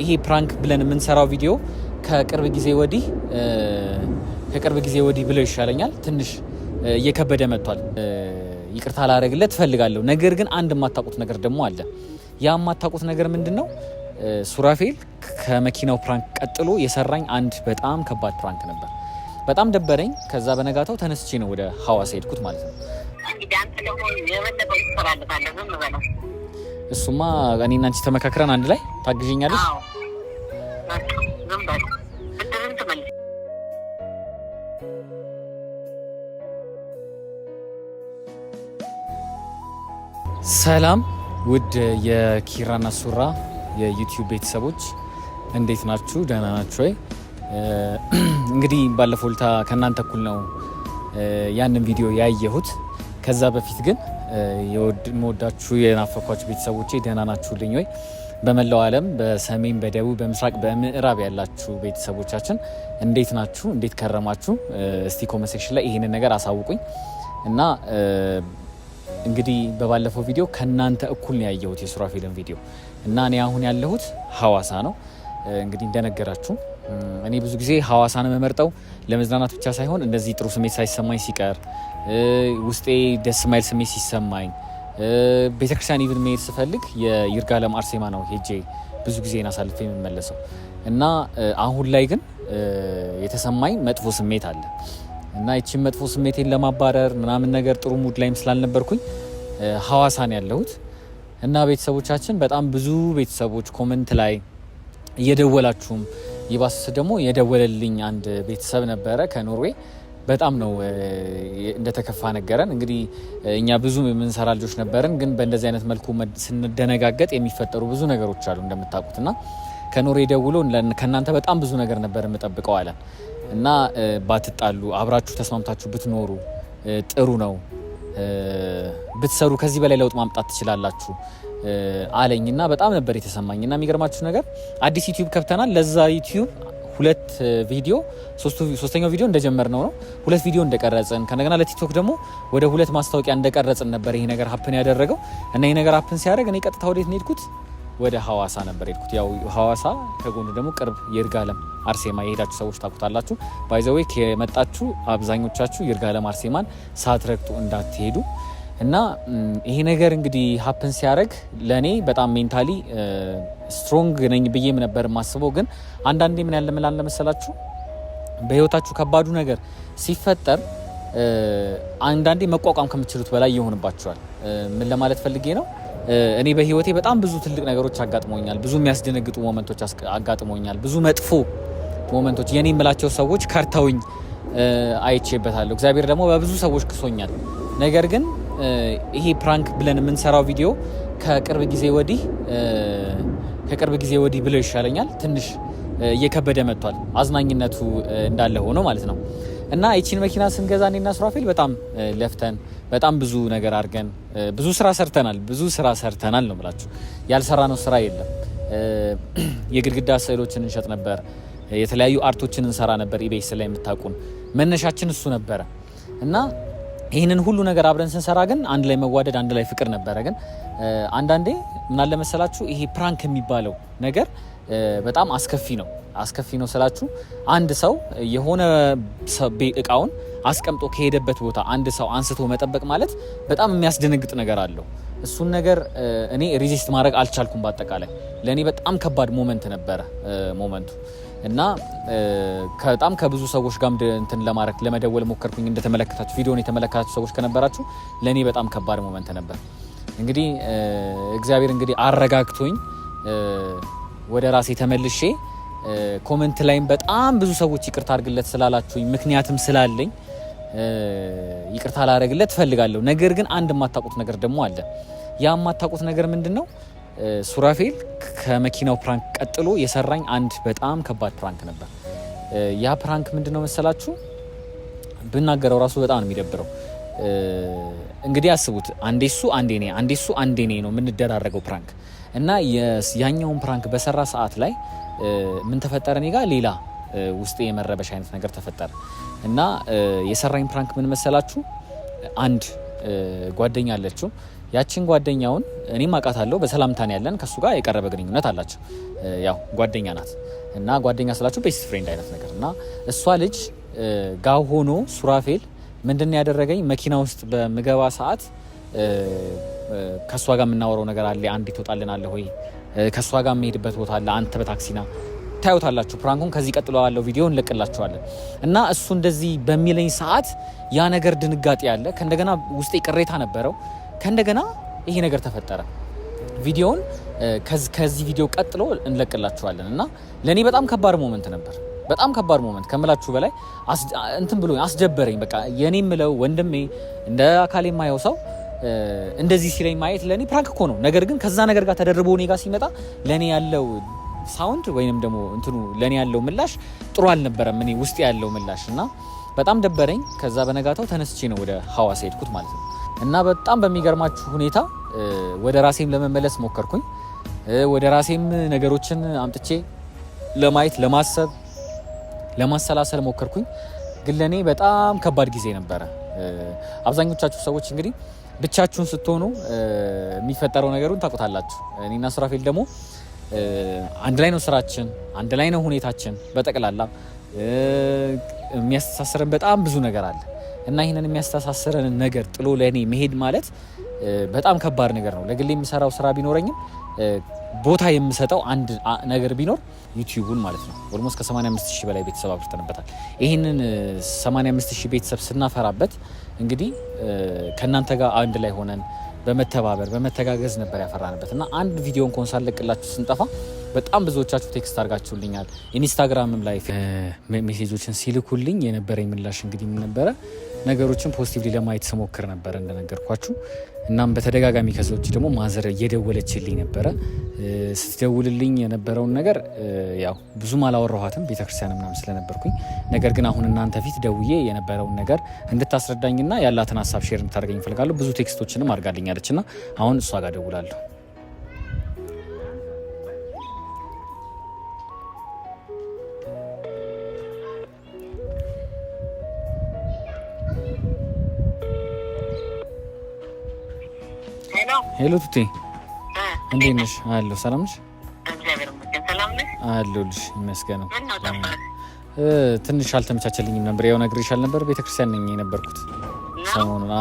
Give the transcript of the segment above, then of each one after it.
ይሄ ፕራንክ ብለን የምንሰራው ቪዲዮ ከቅርብ ጊዜ ወዲህ ከቅርብ ጊዜ ወዲህ ብለው ይሻለኛል ትንሽ እየከበደ መጥቷል። ይቅርታ ላደረግለት ትፈልጋለሁ። ነገር ግን አንድ የማታውቁት ነገር ደግሞ አለ። ያ የማታውቁት ነገር ምንድን ነው? ሱራፌል ከመኪናው ፕራንክ ቀጥሎ የሰራኝ አንድ በጣም ከባድ ፕራንክ ነበር። በጣም ደበረኝ። ከዛ በነጋታው ተነስቼ ነው ወደ ሐዋሳ ሄድኩት ማለት ነው። እሱማ እኔ አንቺ ተመካክረን አንድ ላይ ታግዥኛለሽ። ሰላም ውድ የኪራና ሱራ የዩቲዩብ ቤተሰቦች እንዴት ናችሁ? ደህና ናችሁ ወይ? እንግዲህ ባለፈው ልታ ከእናንተ እኩል ነው ያንን ቪዲዮ ያየሁት። ከዛ በፊት ግን የምወዳችሁ የናፈኳችሁ ቤተሰቦቼ ደህና ናችሁልኝ ወይ? በመላው ዓለም በሰሜን በደቡብ በምስራቅ በምዕራብ ያላችሁ ቤተሰቦቻችን እንዴት ናችሁ? እንዴት ከረማችሁ? እስቲ ኮመሴክሽን ላይ ይህንን ነገር አሳውቁኝ እና እንግዲህ በባለፈው ቪዲዮ ከእናንተ እኩል ነው ያየሁት የሱራፌልን ቪዲዮ እና እኔ አሁን ያለሁት ሀዋሳ ነው። እንግዲህ እንደነገራችሁ እኔ ብዙ ጊዜ ሀዋሳን መመርጠው ለመዝናናት ብቻ ሳይሆን እንደዚህ ጥሩ ስሜት ሳይሰማኝ ሲቀር ውስጤ ደስ ማይል ስሜት ሲሰማኝ ቤተክርስቲያን ኢቭን መሄድ ስፈልግ የይርጋለም አርሴማ ነው ሄጄ ብዙ ጊዜ አሳልፌ የምመለሰው እና አሁን ላይ ግን የተሰማኝ መጥፎ ስሜት አለ እና ይችን መጥፎ ስሜቴን ለማባረር ምናምን ነገር ጥሩ ሙድ ላይም ስላልነበርኩኝ ሀዋሳን ያለሁት እና ቤተሰቦቻችን በጣም ብዙ ቤተሰቦች ኮመንት ላይ እየደወላችሁም ይባስ ደግሞ የደወለልኝ አንድ ቤተሰብ ነበረ ከኖርዌይ በጣም ነው እንደተከፋ ነገረን። እንግዲህ እኛ ብዙ የምንሰራ ልጆች ነበርን፣ ግን በእንደዚህ አይነት መልኩ ስንደነጋገጥ የሚፈጠሩ ብዙ ነገሮች አሉ እንደምታውቁት እና ከኖሬ ደውሎ ከእናንተ በጣም ብዙ ነገር ነበር የምጠብቀው አለን እና ባትጣሉ አብራችሁ ተስማምታችሁ ብትኖሩ ጥሩ ነው ብትሰሩ ከዚህ በላይ ለውጥ ማምጣት ትችላላችሁ አለኝና በጣም ነበር የተሰማኝና የሚገርማችሁ ነገር አዲስ ዩቲዩብ ከፍተናል። ለዛ ዩቲዩብ ሁለት ቪዲዮ ሶስተኛው ቪዲዮ እንደጀመር ነው። ሁለት ቪዲዮ እንደቀረጽን ከነገና ለቲክቶክ ደግሞ ወደ ሁለት ማስታወቂያ እንደቀረጽን ነበር ይሄ ነገር ሀፕን ያደረገው እና ይሄ ነገር ሀፕን ሲያደርግ እኔ ቀጥታ ወዴት ነው የሄድኩት? ወደ ሀዋሳ ነበር የሄድኩት። ያው ሀዋሳ ከጎኑ ደግሞ ቅርብ ይርጋለም አርሴማ የሄዳችሁ ሰዎች ታውቁታላችሁ። ባይዘዌ ከመጣችሁ አብዛኞቻችሁ ይርጋለም አርሴማን ሳትረግጡ እንዳትሄዱ እና ይሄ ነገር እንግዲህ ሀፕን ሲያደርግ ለእኔ በጣም ሜንታሊ ስትሮንግ ነኝ ብዬም ነበር የማስበው። ግን አንዳንዴ ምን ያለ ምን ለመሰላችሁ በህይወታችሁ ከባዱ ነገር ሲፈጠር አንዳንዴ መቋቋም ከምችሉት በላይ ይሆንባችኋል። ምን ለማለት ፈልጌ ነው? እኔ በህይወቴ በጣም ብዙ ትልቅ ነገሮች አጋጥሞኛል። ብዙ የሚያስደነግጡ ሞመንቶች አጋጥሞኛል። ብዙ መጥፎ ሞመንቶች የኔ የምላቸው ሰዎች ከርተውኝ አይቼበታለሁ። እግዚአብሔር ደግሞ በብዙ ሰዎች ክሶኛል። ነገር ግን ይሄ ፕራንክ ብለን የምንሰራው ቪዲዮ ከቅርብ ጊዜ ወዲህ ከቅርብ ጊዜ ወዲህ ብለው ይሻለኛል ትንሽ እየከበደ መጥቷል። አዝናኝነቱ እንዳለ ሆኖ ማለት ነው። እና ይቺን መኪና ስንገዛ እኔና ሱራፌል በጣም ለፍተን በጣም ብዙ ነገር አድርገን ብዙ ስራ ሰርተናል። ብዙ ስራ ሰርተናል ነው ብላችሁ ነው ስራ የለም። የግድግዳ ስዕሎችን እንሸጥ ነበር። የተለያዩ አርቶችን እንሰራ ነበር። ኢቤስ ላይ የምታውቁን መነሻችን እሱ ነበረ እና ይህንን ሁሉ ነገር አብረን ስንሰራ ግን አንድ ላይ መዋደድ፣ አንድ ላይ ፍቅር ነበረ። ግን አንዳንዴ ምናለ መሰላችሁ ይሄ ፕራንክ የሚባለው ነገር በጣም አስከፊ ነው። አስከፊ ነው ስላችሁ አንድ ሰው የሆነ እቃውን አስቀምጦ ከሄደበት ቦታ አንድ ሰው አንስቶ መጠበቅ ማለት በጣም የሚያስደነግጥ ነገር አለው። እሱን ነገር እኔ ሪዚስት ማድረግ አልቻልኩም። በአጠቃላይ ለእኔ በጣም ከባድ ሞመንት ነበረ ሞመንቱ እና በጣም ከብዙ ሰዎች ጋር እንትን ለማድረግ ለመደወል ሞከርኩኝ። እንደተመለከታችሁ ቪዲዮን የተመለከታችሁ ሰዎች ከነበራችሁ ለእኔ በጣም ከባድ ሞመንት ነበር። እንግዲህ እግዚአብሔር እንግዲህ አረጋግቶኝ ወደ ራሴ ተመልሼ ኮመንት ላይም በጣም ብዙ ሰዎች ይቅርታ አድርግለት ስላላችሁኝ ምክንያትም ስላለኝ ይቅርታ ላደርግለት እፈልጋለሁ። ነገር ግን አንድ የማታውቁት ነገር ደግሞ አለ። ያ የማታውቁት ነገር ምንድን ነው? ሱራፌል ከመኪናው ፕራንክ ቀጥሎ የሰራኝ አንድ በጣም ከባድ ፕራንክ ነበር። ያ ፕራንክ ምንድን ነው መሰላችሁ? ብናገረው ራሱ በጣም ነው የሚደብረው። እንግዲህ አስቡት፣ አንዴ እሱ አንዴ እኔ፣ አንዴ እሱ አንዴ እኔ ነው የምንደራረገው ፕራንክ እና ያኛውን ፕራንክ በሰራ ሰዓት ላይ ምን ተፈጠረ? እኔ ጋር ሌላ ውስጤ የመረበሽ አይነት ነገር ተፈጠረ እና የሰራኝ ፕራንክ ምን መሰላችሁ? አንድ ጓደኛ አለችው ያቺን ጓደኛውን እኔም አውቃታለሁ። በሰላምታ ነው ያለን። ከሱ ጋር የቀረበ ግንኙነት አላቸው። ያው ጓደኛ ናት እና ጓደኛ ስላችሁ ቤስት ፍሬንድ አይነት ነገር እና እሷ ልጅ ጋር ሆኖ ሱራፌል ምንድን ያደረገኝ መኪና ውስጥ በምገባ ሰዓት ከእሷ ጋር የምናወረው ነገር አለ። አንድ ትወጣልን አለ ሆይ ከእሷ ጋር የምሄድበት ቦታ አለ። አንተ በታክሲና ታዩታላችሁ። ፕራንኩን ከዚህ ቀጥሎ ያለው ቪዲዮ እንለቅላችኋለን። እና እሱ እንደዚህ በሚለኝ ሰዓት ያ ነገር ድንጋጤ አለ። ከእንደገና ውስጤ ቅሬታ ነበረው ከእንደገና ይሄ ነገር ተፈጠረ። ቪዲዮውን ከዚህ ቪዲዮ ቀጥሎ እንለቅላችኋለን እና ለእኔ በጣም ከባድ ሞመንት ነበር። በጣም ከባድ ሞመንት ከምላችሁ በላይ እንትን ብሎ አስደበረኝ። በቃ የእኔ ምለው ወንድሜ እንደ አካል የማየው ሰው እንደዚህ ሲለኝ ማየት ለእኔ ፕራንክ እኮ ነው። ነገር ግን ከዛ ነገር ጋር ተደርቦ እኔ ጋር ሲመጣ ለእኔ ያለው ሳውንድ ወይንም ደግሞ እንትኑ ለእኔ ያለው ምላሽ ጥሩ አልነበረም። እኔ ውስጥ ያለው ምላሽ እና በጣም ደበረኝ። ከዛ በነጋታው ተነስቼ ነው ወደ ሀዋሳ ሄድኩት ማለት ነው። እና በጣም በሚገርማችሁ ሁኔታ ወደ ራሴም ለመመለስ ሞከርኩኝ። ወደ ራሴም ነገሮችን አምጥቼ ለማየት፣ ለማሰብ፣ ለማሰላሰል ሞከርኩኝ። ግን ለእኔ በጣም ከባድ ጊዜ ነበረ። አብዛኞቻችሁ ሰዎች እንግዲህ ብቻችሁን ስትሆኑ የሚፈጠረው ነገሩን ታውቁታላችሁ። እኔና ሱራፌል ደግሞ አንድ ላይ ነው ስራችን፣ አንድ ላይ ነው ሁኔታችን። በጠቅላላ የሚያስተሳስረን በጣም ብዙ ነገር አለ። እና ይህንን የሚያስተሳስረን ነገር ጥሎ ለእኔ መሄድ ማለት በጣም ከባድ ነገር ነው። ለግሌ የምሰራው ስራ ቢኖረኝም ቦታ የምሰጠው አንድ ነገር ቢኖር ዩቲዩቡን ማለት ነው። ኦልሞስት ከ85 ሺህ በላይ ቤተሰብ አፍርተንበታል። ይህንን 85 ሺህ ቤተሰብ ስናፈራበት እንግዲህ ከእናንተ ጋር አንድ ላይ ሆነን በመተባበር በመተጋገዝ ነበር ያፈራንበት እና አንድ ቪዲዮ እንኳን ሳለቅላችሁ ስንጠፋ በጣም ብዙዎቻችሁ ቴክስት አድርጋችሁልኛል። ኢንስታግራምም ላይ ሜሴጆችን ሲልኩልኝ የነበረኝ ምላሽ እንግዲህ ምን ነበረ? ነገሮችን ፖዚቲቭሊ ለማየት ስሞክር ነበረ እንደነገርኳችሁ። እናም በተደጋጋሚ ከዛ ውጭ ደግሞ ማዘር እየደወለችልኝ ነበረ። ስትደውልልኝ የነበረውን ነገር ያው ብዙም አላወራኋትም ቤተክርስቲያን ምናምን ስለነበርኩኝ። ነገር ግን አሁን እናንተ ፊት ደውዬ የነበረውን ነገር እንድታስረዳኝና ያላትን ሀሳብ ሼር እንድታደርገኝ እፈልጋለሁ። ብዙ ቴክስቶችንም አድርጋልኛለች እና አሁን እሷ ጋር ደውላለሁ። ሄሎ ቱቴ እንዴት ነሽ? አለሁ። ሰላም ነሽ? አለሁልሽ ይመስገነው። ትንሽ አልተመቻቸልኝም ነበር። ያው ነግሬሻል ነበር ቤተክርስቲያን ነኝ የነበርኩት ሰሞኑን።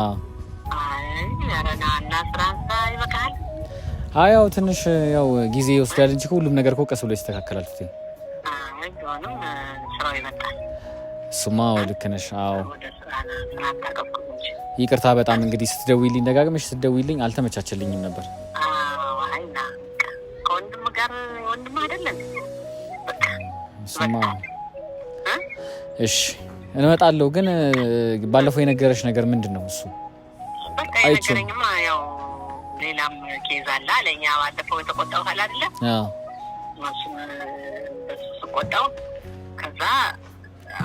አይ ያው ትንሽ ያው ጊዜ ይወስዳል እንጂ ሁሉም ነገር እኮ ቀስ ብሎ ይስተካከላል ቱቴ። ስማ ልክ ነሽ። አዎ ይቅርታ በጣም እንግዲህ ስትደውይልኝ ደጋግመሽ ስትደውይልኝ አልተመቻቸልኝም ነበር። ስማ እሺ እንመጣለሁ፣ ግን ባለፈው የነገረሽ ነገር ምንድን ነው? እሱ አይችልም። ሌላም ኬዝ አለ አለኝ። ባለፈው የተቆጣው ካል አይደለም ስቆጣው ከዛ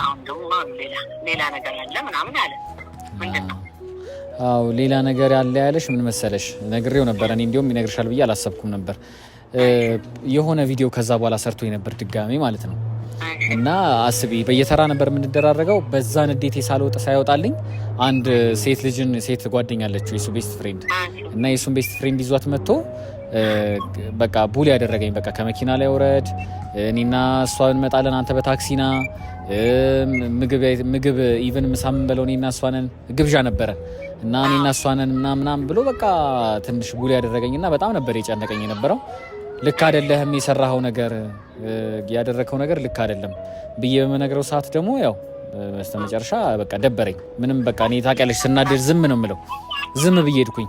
አሁን ደግሞ ሌላ ሌላ ነገር አለ ምናምን አለ። ምንድን ነው? አዎ ሌላ ነገር ያለ ያለሽ ምን መሰለሽ፣ ነግሬው ነበር እኔ እንዲሁም ይነግርሻል ብዬ አላሰብኩም ነበር። የሆነ ቪዲዮ ከዛ በኋላ ሰርቶ የነበር ድጋሜ ማለት ነው። እና አስቢ በየተራ ነበር የምንደራረገው። በዛ ንዴቴ ሳልወጣ ሳይወጣልኝ አንድ ሴት ልጅን ሴት ጓደኛለችው የሱ ቤስት ፍሬንድ እና የሱን ቤስት ፍሬንድ ይዟት መጥቶ በቃ ቡል ያደረገኝ በቃ ከመኪና ላይ ውረድ፣ እኔና እሷ እንመጣለን፣ አንተ በታክሲና ምግብ ኢቨን ምሳምን የምንበለው እኔና እሷ ግብዣ ነበረ እና እኔና እሷ ነን ምናምን ምናምን ብሎ በቃ ትንሽ ጉል ያደረገኝ ያደረገኝና በጣም ነበር የጨነቀኝ የነበረው። ልክ አይደለህም የሰራኸው ነገር ያደረግከው ነገር ልክ አይደለም ብዬ በመነግረው ሰዓት ደግሞ ያው በስተመጨረሻ በቃ ደበረኝ። ምንም በቃ እኔ ታውቂያለሽ ስናደድ ዝም ነው የምለው፣ ዝም ብዬ ሄድኩኝ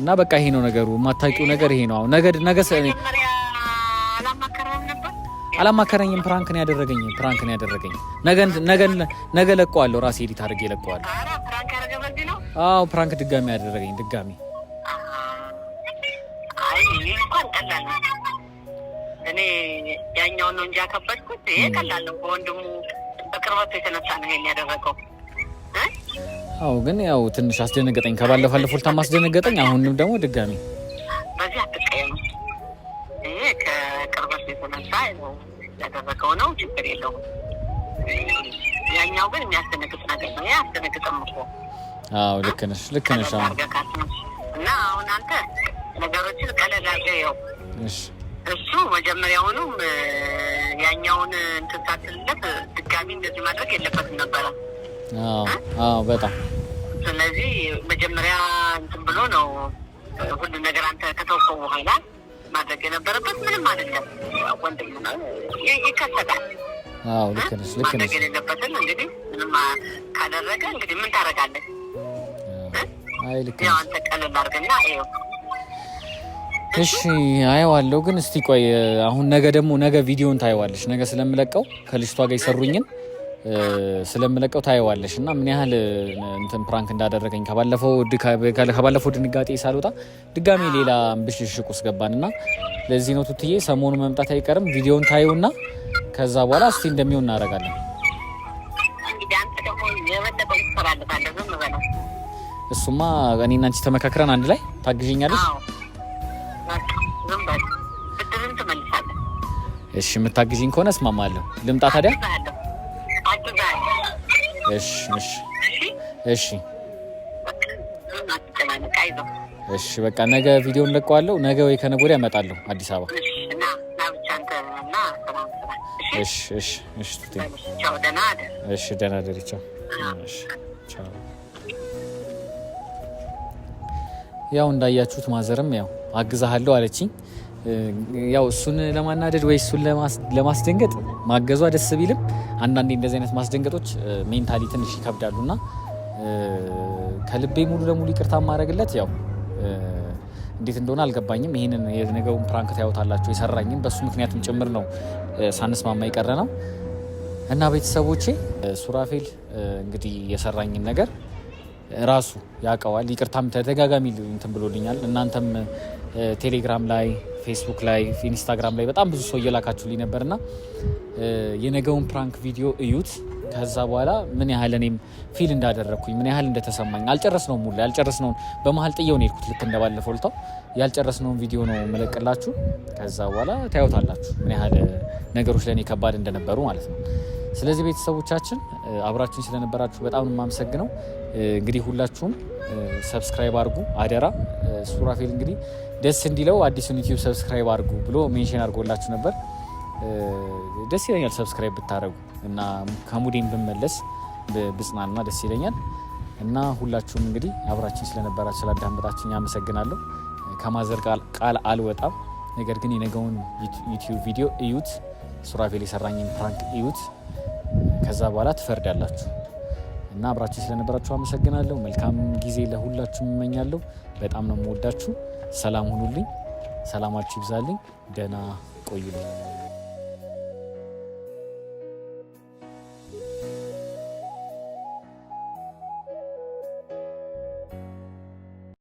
እና በቃ ይሄ ነው ነገሩ። የማታውቂው ነገር ይሄ ነው። ነገ ነገ አላማከረኝም። ፕራንክ ነው ያደረገኝ። ፕራንክ ነው ያደረገኝ። ነገ ነገ ነገ ለቀዋለሁ፣ ራሴ ኤዲት አድርጌ ለቀዋለሁ። አዎ ፕራንክ ድጋሚ ያደረገኝ ድጋሚ። እኔ ነው እንጂ ይሄ ነው። የተነሳ ነው ይሄን ያደረገው። አዎ ግን ያው ትንሽ አስደነገጠኝ። ከባለፈው አልፎ ልታም አስደነገጠኝ። አሁንም ደግሞ ድጋሚ ያደረገው ነው። ችግር የለውም። ያኛው ግን የሚያስደነግጥ ነገር ነው። ያስደነግጥም እኮ አዎ፣ ልክ ነሽ፣ ልክ ነሽ። እና አሁን አንተ ነገሮችን ቀለል አድርገህ እሱ መጀመሪያውኑም ያኛውን እንትን ሳትልለት ድጋሚ እንደዚህ ማድረግ የለበትም ነበረ። አዎ በጣም ስለዚህ መጀመሪያ እንትን ብሎ ነው ሁሉ ነገር አንተ ከተወሰው በኋላ ማድረግ የነበረበት ምንም አይደለም። ወንድም ይከሰታል። አዎ ልክ ነሽ፣ ልክ ነሽ። ማድረግ የሌለበትን እንግዲህ ምንም ካደረገ እንግዲህ ምን ታደርጋለህ? አይ ልክ ነሽ። አንተ ቀለል አድርግና ይኸው እሺ አየዋለሁ። ግን እስቲ ቆይ አሁን ነገ ደግሞ ነገ ቪዲዮን ታየዋለች። ነገ ስለምለቀው ከልጅቷ ጋር ይሰሩኝን ስለምለቀው ታየዋለሽ እና ምን ያህል እንትን ፕራንክ እንዳደረገኝ ከባለፈው ድንጋጤ ሳልወጣ ድጋሜ ሌላ ብሽሽቅ ውስጥ ገባን እና ለዚህ ነው ቱትዬ ሰሞኑ መምጣት አይቀርም። ቪዲዮን ታዩና ከዛ በኋላ እስቲ እንደሚሆን እናደርጋለን። እሱማ እኔ እናንቺ ተመካክረን አንድ ላይ ታግዥኛለች። እሺ የምታግዥኝ ከሆነ እስማማለሁ። ልምጣ ታዲያ እሺ እሺ እሺ እሺ በቃ ነገ ቪዲዮ እንለቀዋለሁ። ነገ ወይ ከነገ ወዲያ እመጣለሁ አዲስ አበባ። እሺ እሺ እሺ እሺ ደህና ደሪ ቻው። ያው እንዳያችሁት ማዘርም ያው አግዛሃለሁ አለችኝ። ያው እሱን ለማናደድ ወይ እሱን ለማስደንገጥ ማገዟ ደስ ቢልም አንዳንዴ እንደዚህ አይነት ማስደንገጦች ሜንታሊ ትንሽ ይከብዳሉ እና ከልቤ ሙሉ ለሙሉ ይቅርታ ማድረግለት ያው እንዴት እንደሆነ አልገባኝም። ይህንን የነገውን ፕራንክ ታዩታላችሁ። የሰራኝም በእሱ ምክንያቱም ጭምር ነው ሳንስማማ የቀረ ነው እና ቤተሰቦቼ ሱራፌል እንግዲህ የሰራኝን ነገር ራሱ ያውቀዋል። ይቅርታም ተደጋጋሚ እንትን ብሎልኛል። እናንተም ቴሌግራም ላይ፣ ፌስቡክ ላይ፣ ኢንስታግራም ላይ በጣም ብዙ ሰው እየላካችሁልኝ ነበር እና የነገውን ፕራንክ ቪዲዮ እዩት። ከዛ በኋላ ምን ያህል እኔም ፊል እንዳደረግኩኝ ምን ያህል እንደተሰማኝ ሙላ ያልጨረስ ያልጨረስነውን በመሀል ጥየውን ሄድኩት። ልክ እንደባለፈው ያልጨረስ ያልጨረስነውን ቪዲዮ ነው መለቅላችሁ። ከዛ በኋላ ታዩታላችሁ ምን ያህል ነገሮች ለእኔ ከባድ እንደነበሩ ማለት ነው። ስለዚህ ቤተሰቦቻችን አብራችን ስለነበራችሁ በጣም ነው የማመሰግነው። እንግዲህ ሁላችሁም ሰብስክራይብ አድርጉ አደራ። ሱራፌል እንግዲህ ደስ እንዲለው አዲሱን ዩቲዩብ ሰብስክራይብ አድርጉ ብሎ ሜንሽን አድርጎላችሁ ነበር። ደስ ይለኛል ሰብስክራይብ ብታደረጉ እና ከሙዴን ብመለስ ብጽናና ደስ ይለኛል። እና ሁላችሁም እንግዲህ አብራችን ስለነበራችሁ ስላዳመጣችን ያመሰግናለሁ። ከማዘር ቃል አልወጣም፣ ነገር ግን የነገውን ዩቲዩብ ቪዲዮ እዩት። ሱራፌል የሰራኝን ፕራንክ እዩት። ከዛ በኋላ ትፈርዳላችሁ እና አብራችሁ ስለነበራችሁ አመሰግናለሁ። መልካም ጊዜ ለሁላችሁም እመኛለሁ። በጣም ነው የምወዳችሁ። ሰላም ሁኑልኝ። ሰላማችሁ ይብዛልኝ። ደህና ቆዩልኝ።